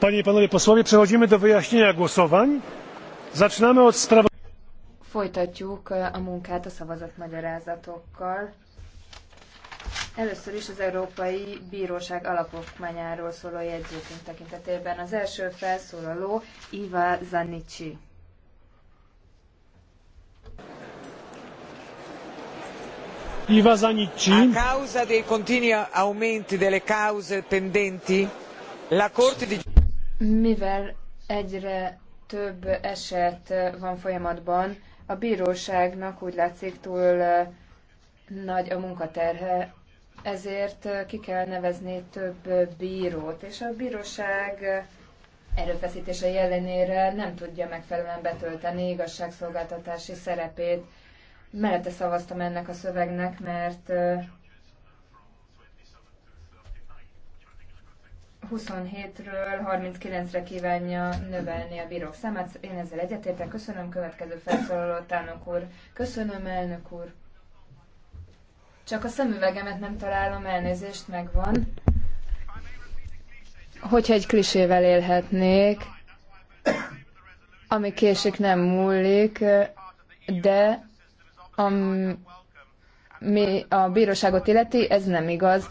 Panie i panowie posłowie, przechodzimy do wyjaśnienia głosowań. Zaczynamy od sprawy... Folytatjuk e, a munkát a szavazatmagyarázatokkal. Először is az Európai Bíróság alapokmányáról szóló jegyzőkönyv tekintetében az első felszólaló Iva Zanicsi. Iva Zanicsi. A causa dei continui aumenti delle cause pendenti, la Corte di mivel egyre több eset van folyamatban, a bíróságnak úgy látszik túl nagy a munkaterhe, ezért ki kell nevezni több bírót, és a bíróság erőfeszítései ellenére nem tudja megfelelően betölteni igazságszolgáltatási szerepét. Mellette szavaztam ennek a szövegnek, mert 27-ről 39-re kívánja növelni a bírók számát. Én ezzel egyetértek. Köszönöm következő felszólaló tánok úr. Köszönöm, elnök úr. Csak a szemüvegemet nem találom, elnézést megvan. Hogyha egy klisével élhetnék, ami késik nem múlik, de ami a bíróságot illeti, ez nem igaz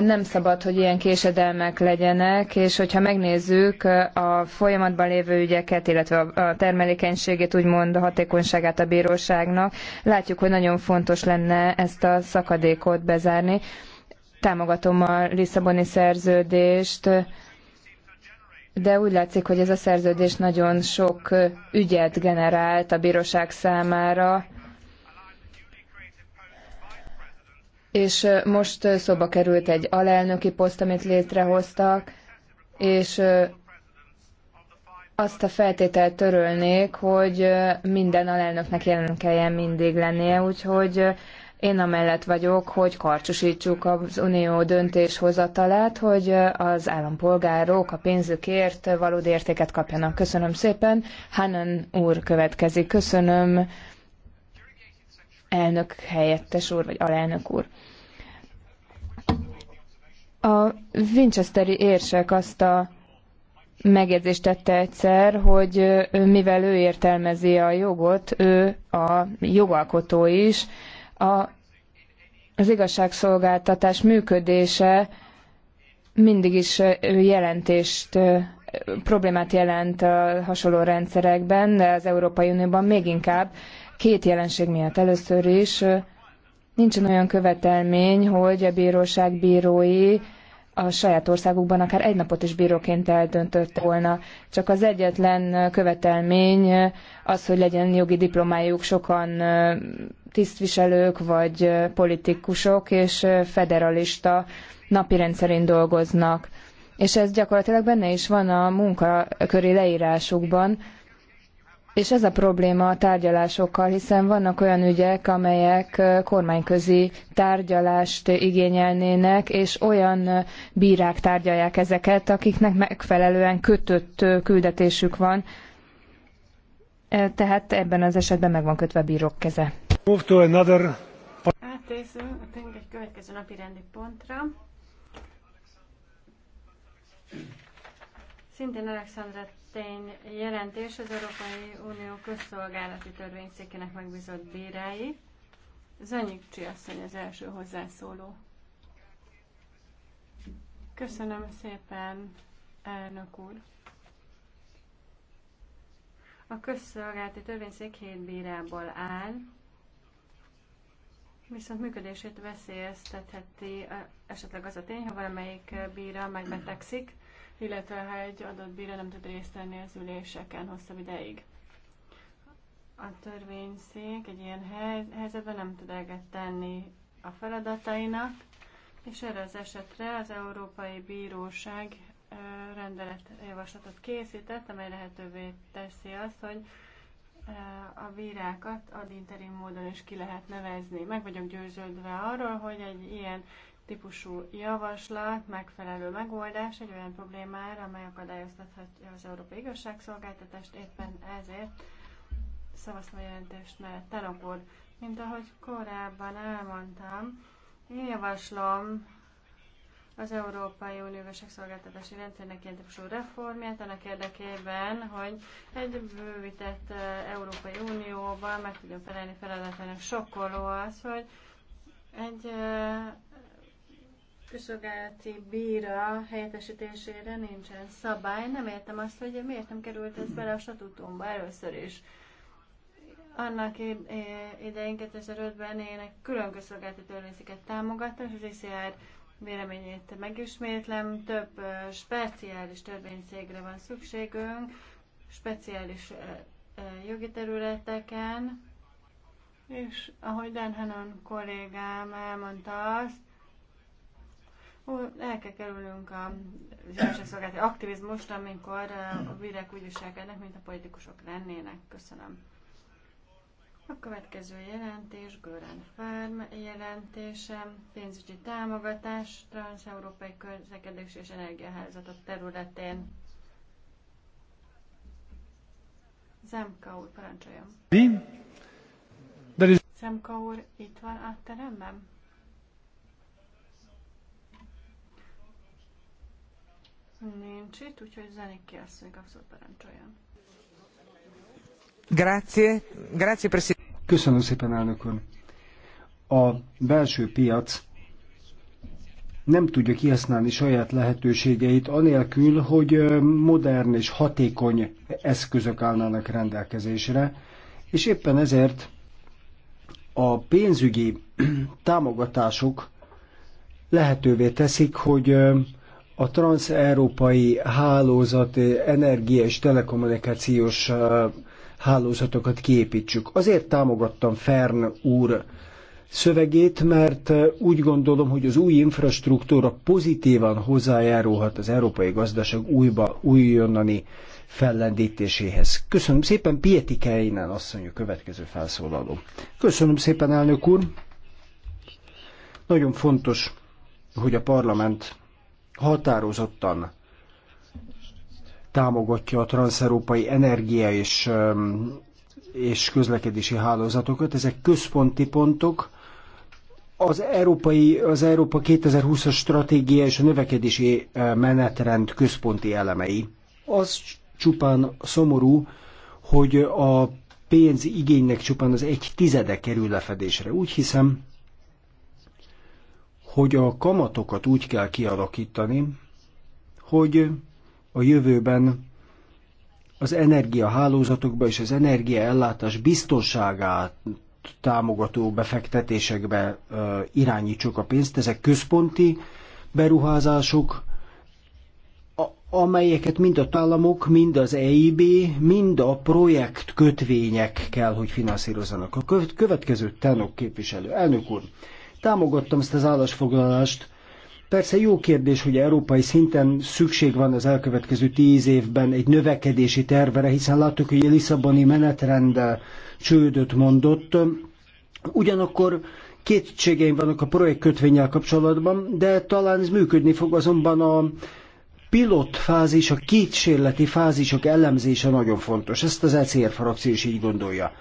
nem szabad, hogy ilyen késedelmek legyenek, és hogyha megnézzük a folyamatban lévő ügyeket, illetve a termelékenységét, úgymond a hatékonyságát a bíróságnak, látjuk, hogy nagyon fontos lenne ezt a szakadékot bezárni. Támogatom a Lisszaboni szerződést, de úgy látszik, hogy ez a szerződés nagyon sok ügyet generált a bíróság számára, és most szóba került egy alelnöki poszt, amit létrehoztak, és azt a feltételt törölnék, hogy minden alelnöknek jelen kelljen mindig lennie, úgyhogy én amellett vagyok, hogy karcsúsítsuk az unió döntéshozatalát, hogy az állampolgárok a pénzükért valódi értéket kapjanak. Köszönöm szépen. Hannan úr következik. Köszönöm elnök helyettes úr, vagy alelnök úr. A Winchesteri érsek azt a megjegyzést tette egyszer, hogy mivel ő értelmezi a jogot, ő a jogalkotó is, a, az igazságszolgáltatás működése mindig is jelentést, problémát jelent a hasonló rendszerekben, de az Európai Unióban még inkább, két jelenség miatt. Először is nincsen olyan követelmény, hogy a bíróság bírói a saját országukban akár egy napot is bíróként eldöntött volna. Csak az egyetlen követelmény az, hogy legyen jogi diplomájuk sokan tisztviselők vagy politikusok, és federalista napi rendszerén dolgoznak. És ez gyakorlatilag benne is van a munkaköri leírásukban, és ez a probléma a tárgyalásokkal, hiszen vannak olyan ügyek, amelyek kormányközi tárgyalást igényelnének, és olyan bírák tárgyalják ezeket, akiknek megfelelően kötött küldetésük van. Tehát ebben az esetben meg van kötve a bírók keze. Move to another... egy következő napi rendi pontra. Szintén Alexandra Tény jelentés az Európai Unió közszolgálati törvényszékének megbízott bírái. Zanyik Csiasszony az első hozzászóló. Köszönöm szépen, elnök úr. A közszolgálati törvényszék hét bírából áll, viszont működését veszélyeztetheti esetleg az a tény, ha valamelyik bíra megbetegszik, illetve ha egy adott bíró nem tud részt venni az üléseken hosszabb ideig. A törvényszék egy ilyen helyzetben nem tud eget tenni a feladatainak, és erre az esetre az Európai Bíróság rendeletjavaslatot készített, amely lehetővé teszi azt, hogy a bírákat ad interim módon is ki lehet nevezni. Meg vagyok győződve arról, hogy egy ilyen típusú javaslat, megfelelő megoldás egy olyan problémára, amely akadályoztathatja az Európai Igazságszolgáltatást. Éppen ezért szavaztam a jelentést mellett. Tanok úr, mint ahogy korábban elmondtam, én javaslom az Európai Unió Szolgáltatási Rendszernek ilyen típusú reformját, annak érdekében, hogy egy bővített eh, Európai Unióban meg tudjon felelni feladatának. Sokkoló az, hogy egy eh, közszolgálati bíra helyettesítésére nincsen szabály. Nem értem azt, hogy miért nem került ez bele a statutumba először is. Annak idején 2005-ben én egy külön közszolgálati törvényszéket támogattam, és az ICR véleményét megismétlem. Több speciális törvényszégre van szükségünk, speciális jogi területeken, és ahogy Dan Hannon kollégám elmondta azt, el kell kerülnünk a igazságszolgálati aktivizmust, amikor a bírák úgy viselkednek, mint a politikusok lennének. Köszönöm. A következő jelentés, Görán Farm jelentése, pénzügyi támogatás, transeurópai közlekedés és energiahálózatok területén. Zemka úr, parancsoljon. Zemka úr itt van a teremben? Nincs itt, úgyhogy zenik ki asszony kapszol parancsoljon. Grazie, grazie presidente. Köszönöm szépen, elnök úr. A belső piac nem tudja kihasználni saját lehetőségeit, anélkül, hogy modern és hatékony eszközök állnának rendelkezésre, és éppen ezért a pénzügyi támogatások lehetővé teszik, hogy a transeurópai hálózat eh, energia és telekommunikációs eh, hálózatokat kiépítsük. Azért támogattam Fern úr szövegét, mert eh, úgy gondolom, hogy az új infrastruktúra pozitívan hozzájárulhat az európai gazdaság újba, újonnani fellendítéséhez. Köszönöm szépen, Pieti Keinen asszony a következő felszólaló. Köszönöm szépen, elnök úr! Nagyon fontos, hogy a parlament határozottan támogatja a transzeurópai energia és, és közlekedési hálózatokat. Ezek központi pontok. Az, európai, az Európa 2020-as stratégia és a növekedési menetrend központi elemei. Az csupán szomorú, hogy a pénz igénynek csupán az egy tizede kerül lefedésre. Úgy hiszem, hogy a kamatokat úgy kell kialakítani, hogy a jövőben az energiahálózatokba és az energiaellátás biztonságát támogató befektetésekbe irányítsuk a pénzt. Ezek központi beruházások, amelyeket mind a államok, mind az EIB, mind a projekt kötvények kell, hogy finanszírozzanak. A következő tenok képviselő. Elnök úr, Támogattam ezt az állásfoglalást. Persze jó kérdés, hogy európai szinten szükség van az elkövetkező tíz évben egy növekedési tervere, hiszen láttuk, hogy a Lisszaboni menetrend csődöt mondott. Ugyanakkor kétségeim vannak a projekt kapcsolatban, de talán ez működni fog, azonban a pilot fázis, a kísérleti fázisok elemzése nagyon fontos. Ezt az ECR frakció is így gondolja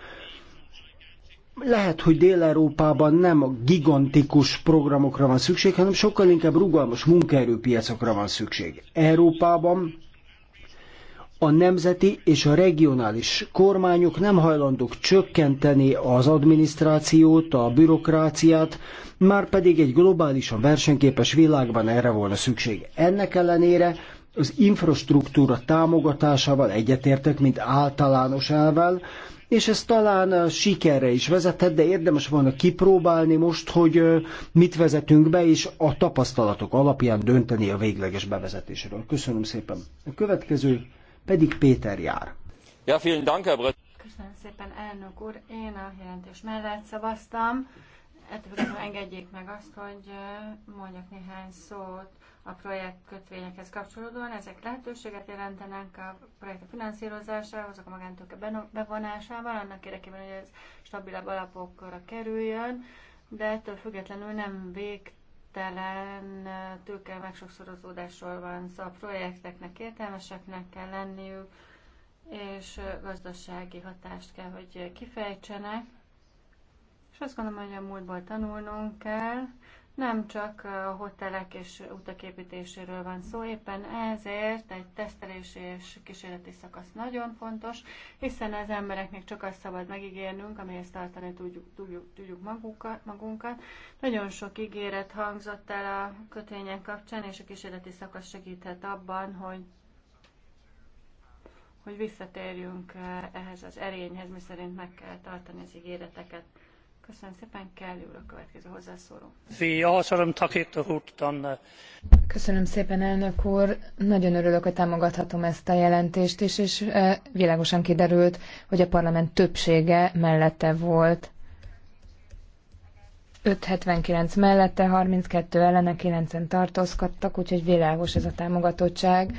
lehet, hogy Dél-Európában nem a gigantikus programokra van szükség, hanem sokkal inkább rugalmas munkaerőpiacokra van szükség. Európában a nemzeti és a regionális kormányok nem hajlandók csökkenteni az adminisztrációt, a bürokráciát, már pedig egy globálisan versenyképes világban erre volna szükség. Ennek ellenére az infrastruktúra támogatásával egyetértek, mint általános elvel, és ez talán sikerre is vezethet, de érdemes volna kipróbálni most, hogy mit vezetünk be, és a tapasztalatok alapján dönteni a végleges bevezetésről. Köszönöm szépen. A következő pedig Péter jár. Ja, vielen Dank, Herr Köszönöm szépen, elnök úr. Én a jelentés mellett szavaztam Ettől engedjék meg azt, hogy mondjak néhány szót a projekt kötvényekhez kapcsolódóan. Ezek lehetőséget jelentenek a projektek finanszírozásához, a magántőke bevonásával, annak érdekében, hogy ez stabilabb alapokra kerüljön, de ettől függetlenül nem vég telen tőke megsokszorozódásról van szó, szóval a projekteknek értelmeseknek kell lenniük, és gazdasági hatást kell, hogy kifejtsenek azt gondolom, hogy a múltból tanulnunk kell. Nem csak a hotelek és utak építéséről van szó, éppen ezért egy tesztelési és kísérleti szakasz nagyon fontos, hiszen az embereknek csak azt szabad megígérnünk, amihez tartani tudjuk, tudjuk, tudjuk magunkat, magunkat. Nagyon sok ígéret hangzott el a kötvények kapcsán, és a kísérleti szakasz segíthet abban, hogy hogy visszatérjünk ehhez az erényhez, miszerint meg kell tartani az ígéreteket. Köszönöm szépen, Kelly úr a következő hozzászóló. Köszönöm szépen, elnök úr. Nagyon örülök, hogy támogathatom ezt a jelentést is, és eh, világosan kiderült, hogy a parlament többsége mellette volt. 579 mellette, 32 ellene, 9-en tartózkodtak, úgyhogy világos ez a támogatottság.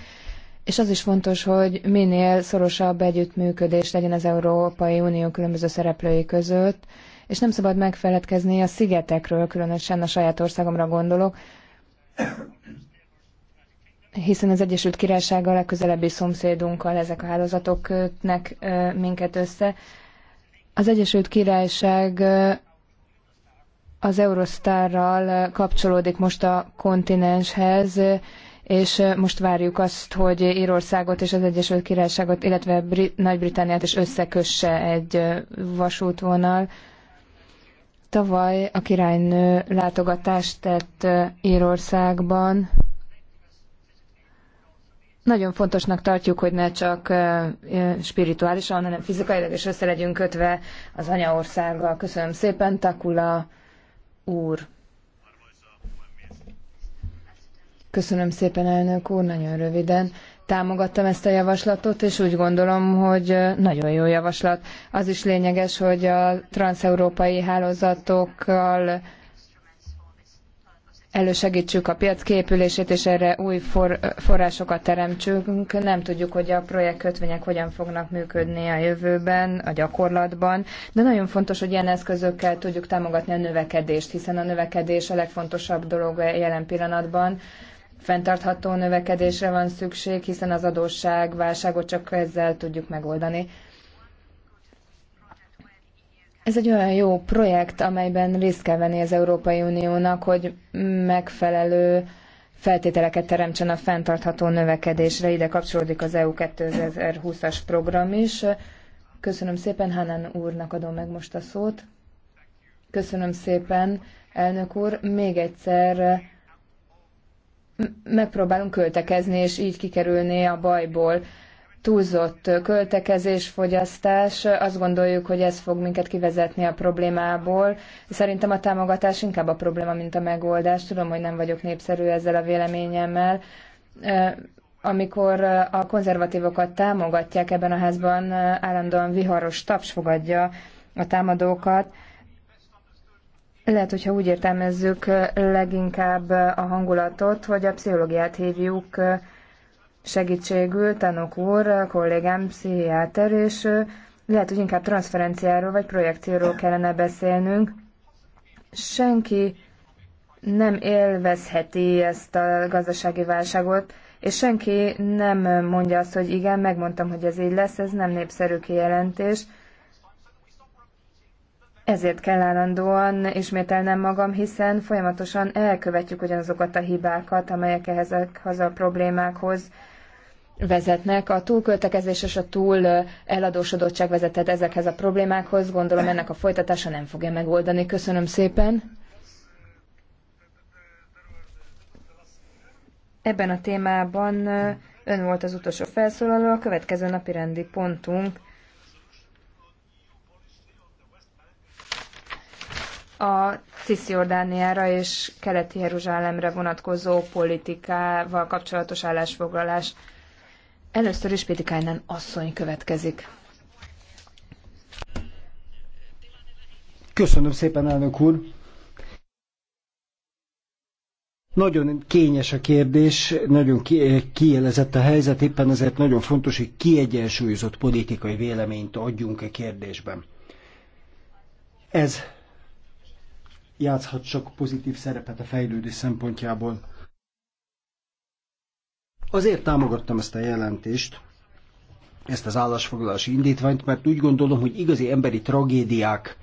És az is fontos, hogy minél szorosabb együttműködés legyen az Európai Unió különböző szereplői között, és nem szabad megfeledkezni a szigetekről, különösen a saját országomra gondolok, hiszen az Egyesült Királyság a legközelebbi szomszédunkkal ezek a hálózatok kötnek minket össze. Az Egyesült Királyság az Eurostarral kapcsolódik most a kontinenshez, és most várjuk azt, hogy Írországot és az Egyesült Királyságot, illetve Brit- nagy britániát is összekösse egy vasútvonal. Tavaly a királynő látogatást tett Írországban. Nagyon fontosnak tartjuk, hogy ne csak spirituálisan, hanem fizikailag is össze legyünk kötve az anyaországgal. Köszönöm szépen, Takula úr. Köszönöm szépen, elnök úr, nagyon röviden támogattam ezt a javaslatot, és úgy gondolom, hogy nagyon jó javaslat. Az is lényeges, hogy a transeurópai hálózatokkal elősegítsük a piac képülését, és erre új for, forrásokat teremtsünk. Nem tudjuk, hogy a projektkötvények hogyan fognak működni a jövőben, a gyakorlatban, de nagyon fontos, hogy ilyen eszközökkel tudjuk támogatni a növekedést, hiszen a növekedés a legfontosabb dolog jelen pillanatban fenntartható növekedésre van szükség, hiszen az adósság válságot csak ezzel tudjuk megoldani. Ez egy olyan jó projekt, amelyben részt kell venni az Európai Uniónak, hogy megfelelő feltételeket teremtsen a fenntartható növekedésre. Ide kapcsolódik az EU 2020-as program is. Köszönöm szépen, Hanan úrnak adom meg most a szót. Köszönöm szépen, elnök úr. Még egyszer megpróbálunk költekezni, és így kikerülni a bajból. Túlzott költekezés, fogyasztás, azt gondoljuk, hogy ez fog minket kivezetni a problémából. Szerintem a támogatás inkább a probléma, mint a megoldás. Tudom, hogy nem vagyok népszerű ezzel a véleményemmel. Amikor a konzervatívokat támogatják ebben a házban, állandóan viharos taps fogadja a támadókat. Lehet, hogyha úgy értelmezzük leginkább a hangulatot, hogy a pszichológiát hívjuk segítségül, tanok úr, kollégám, pszichiáter, és lehet, hogy inkább transferenciáról vagy projekcióról kellene beszélnünk. Senki nem élvezheti ezt a gazdasági válságot, és senki nem mondja azt, hogy igen, megmondtam, hogy ez így lesz, ez nem népszerű kijelentés ezért kell állandóan ismételnem magam, hiszen folyamatosan elkövetjük ugyanazokat a hibákat, amelyek ehhez a problémákhoz vezetnek. A túlköltekezés és a túl eladósodottság vezetett ezekhez a problémákhoz. Gondolom ennek a folytatása nem fogja megoldani. Köszönöm szépen. Ebben a témában ön volt az utolsó felszólaló, a következő napi rendi pontunk a Cisziordániára és keleti Jeruzsálemre vonatkozó politikával kapcsolatos állásfoglalás. Először is Pétikájnen asszony következik. Köszönöm szépen, elnök úr! Nagyon kényes a kérdés, nagyon kielezett a helyzet, éppen ezért nagyon fontos, hogy kiegyensúlyozott politikai véleményt adjunk a kérdésben. Ez játszhat csak pozitív szerepet a fejlődés szempontjából. Azért támogattam ezt a jelentést, ezt az állásfoglalási indítványt, mert úgy gondolom, hogy igazi emberi tragédiák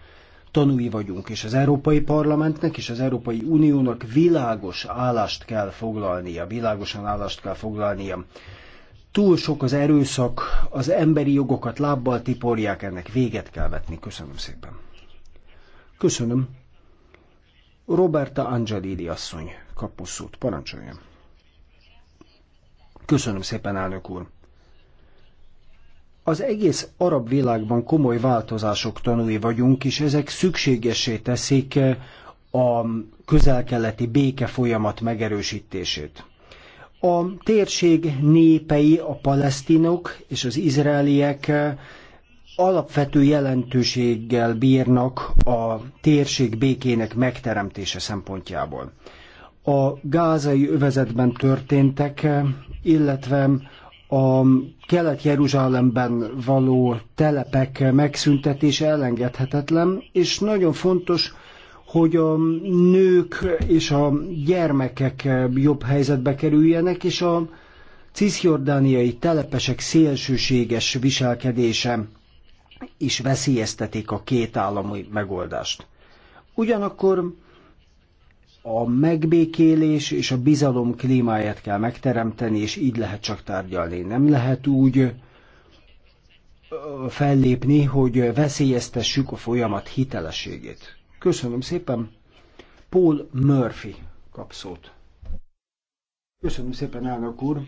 tanúi vagyunk, és az Európai Parlamentnek és az Európai Uniónak világos állást kell foglalnia, világosan állást kell foglalnia. Túl sok az erőszak, az emberi jogokat lábbal tiporják, ennek véget kell vetni. Köszönöm szépen. Köszönöm. Roberta Angelidi asszony kapuszút, Parancsoljon. Köszönöm szépen, elnök úr. Az egész arab világban komoly változások tanúi vagyunk, és ezek szükségesé teszik eh, a közelkeleti béke folyamat megerősítését. A térség népei, a palesztinok és az izraeliek eh, alapvető jelentőséggel bírnak a térség békének megteremtése szempontjából. A gázai övezetben történtek, illetve a Kelet-Jeruzsálemben való telepek megszüntetése elengedhetetlen, és nagyon fontos, hogy a nők és a gyermekek jobb helyzetbe kerüljenek, és a ciszjordániai telepesek szélsőséges viselkedése is veszélyeztetik a két állami megoldást. Ugyanakkor a megbékélés és a bizalom klímáját kell megteremteni, és így lehet csak tárgyalni. Nem lehet úgy fellépni, hogy veszélyeztessük a folyamat hitelességét. Köszönöm szépen. Paul Murphy kap szót. Köszönöm szépen, elnök úr.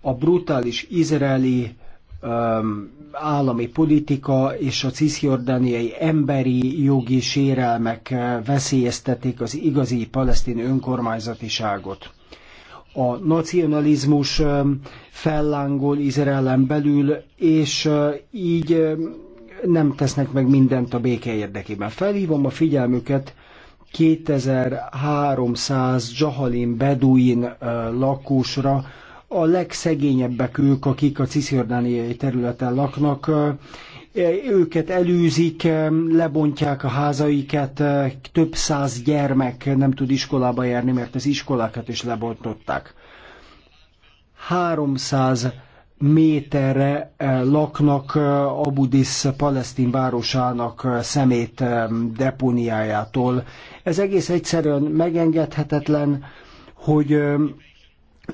A brutális izraeli Um, állami politika és a cisziordániai emberi jogi sérelmek uh, veszélyeztetik az igazi palesztin önkormányzatiságot. A nacionalizmus um, fellángol Izraelen belül, és uh, így um, nem tesznek meg mindent a béke érdekében. Felhívom a figyelmüket 2300 Jahalin Beduin uh, lakósra, a legszegényebbek ők, akik a cisziordániai területen laknak, e, őket elűzik, e, lebontják a házaikat, e, több száz gyermek nem tud iskolába járni, mert az iskolákat is lebontották. 300 méterre laknak Abudis palesztin városának szemét deponiájától. Ez egész egyszerűen megengedhetetlen, hogy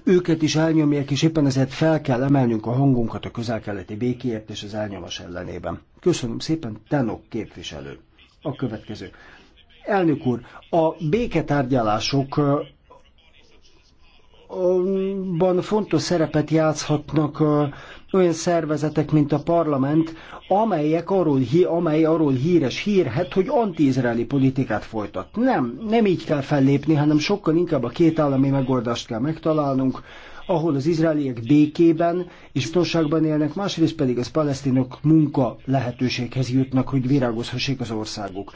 őket is elnyomják, és éppen ezért fel kell emelnünk a hangunkat a közel-keleti békéért és az elnyomás ellenében. Köszönöm szépen, Tenok képviselő. A következő. Elnök úr, a béketárgyalások ban fontos szerepet játszhatnak olyan szervezetek, mint a parlament, amelyek arról, amely arról híres hírhet, hogy anti-izraeli politikát folytat. Nem, nem így kell fellépni, hanem sokkal inkább a két állami megoldást kell megtalálnunk, ahol az izraeliek békében és biztonságban élnek, másrészt pedig az palesztinok munka lehetőséghez jutnak, hogy virágozhassék az országuk.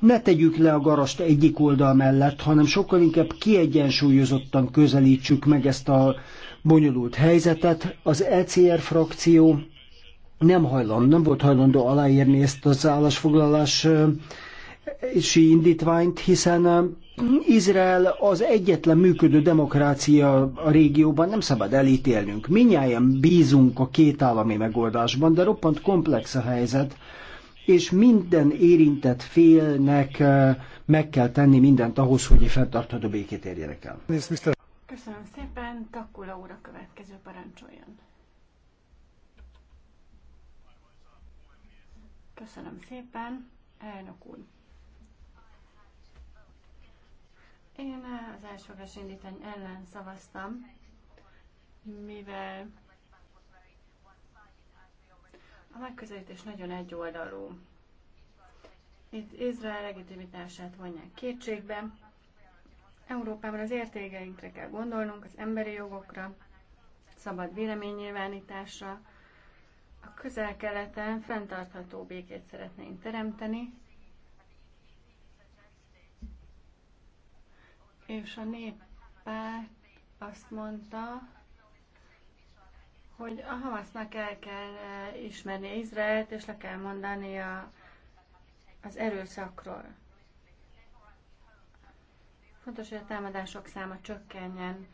Ne tegyük le a garast egyik oldal mellett, hanem sokkal inkább kiegyensúlyozottan közelítsük meg ezt a bonyolult helyzetet. Az ECR frakció nem hajlandó, nem volt hajlandó aláírni ezt az állásfoglalás sí indítványt, hiszen um, Izrael az egyetlen működő demokrácia a régióban, nem szabad elítélnünk. Minnyáján bízunk a két állami megoldásban, de roppant komplex a helyzet, és minden érintett félnek uh, meg kell tenni mindent ahhoz, hogy fenntartható békét érjenek el. Köszönöm szépen, Takula úr a következő parancsoljon. Köszönöm szépen, elnök úr. Én az elsőgrás indítani ellen szavaztam, mivel a megközelítés nagyon egyoldalú. Itt Izrael legitimitását vonják kétségbe. Európában az értékeinkre kell gondolnunk, az emberi jogokra, szabad véleménynyilvánításra. A közel-keleten fenntartható békét szeretnénk teremteni, és a néppárt azt mondta, hogy a Hamasznak el kell eh, ismerni Izraelt, és le kell mondani a, az erőszakról. Fontos, hogy a támadások száma csökkenjen.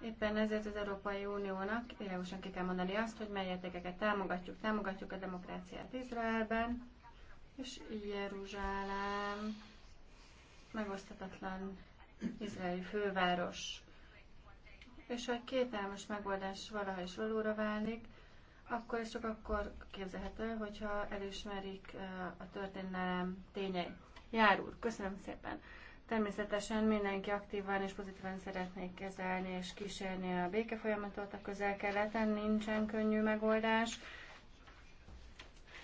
Éppen ezért az Európai Uniónak világosan ki kell mondani azt, hogy mely értékeket támogatjuk. Támogatjuk a demokráciát Izraelben, és Jeruzsálem megosztatatlan izraeli főváros. És ha egy kétállamos megoldás valaha is valóra válik, akkor ez csak akkor képzelhető, hogyha elismerik eh, a történelem tényei. Jár úr, köszönöm szépen! Természetesen mindenki aktívan és pozitívan szeretnék kezelni és kísérni a békefolyamatot a közel-keleten, nincsen könnyű megoldás.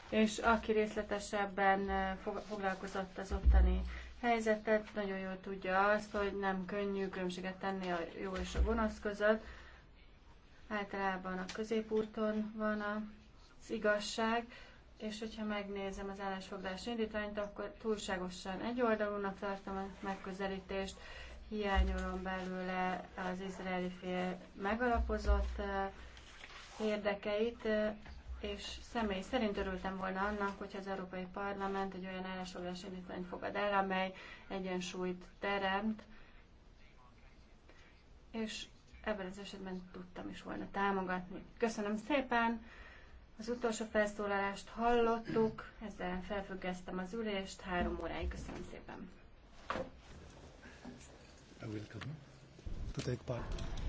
És aki részletesebben eh, foglalkozott az ottani helyzetet, nagyon jól tudja azt, hogy nem könnyű különbséget tenni a jó és a gonosz között. Általában a középúton van az igazság, és hogyha megnézem az állásfoglalás indítványt, akkor túlságosan egyoldalúnak tartom a megközelítést, hiányolom belőle az izraeli fél megalapozott eh, érdekeit, eh, és személy szerint örültem volna annak, hogy az Európai Parlament egy olyan állásfoglalás indítványt fogad el, amely egyensúlyt teremt, és ebben az esetben tudtam is volna támogatni. Köszönöm szépen! Az utolsó felszólalást hallottuk, ezzel felfüggesztem az ülést, három óráig köszönöm szépen. I will come to take part.